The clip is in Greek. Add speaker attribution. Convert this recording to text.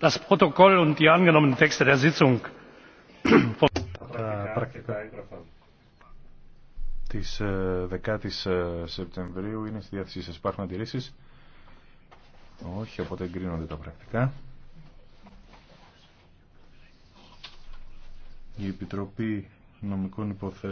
Speaker 1: das protokoll und die
Speaker 2: 10ης ε, ε, Σεπτεμβρίου είναι στη διάθεσή σας. Υπάρχουν αντιρρήσεις. Όχι, οπότε εγκρίνονται τα
Speaker 3: πρακτικά. Η Επιτροπή Νομικών Υποθέσεων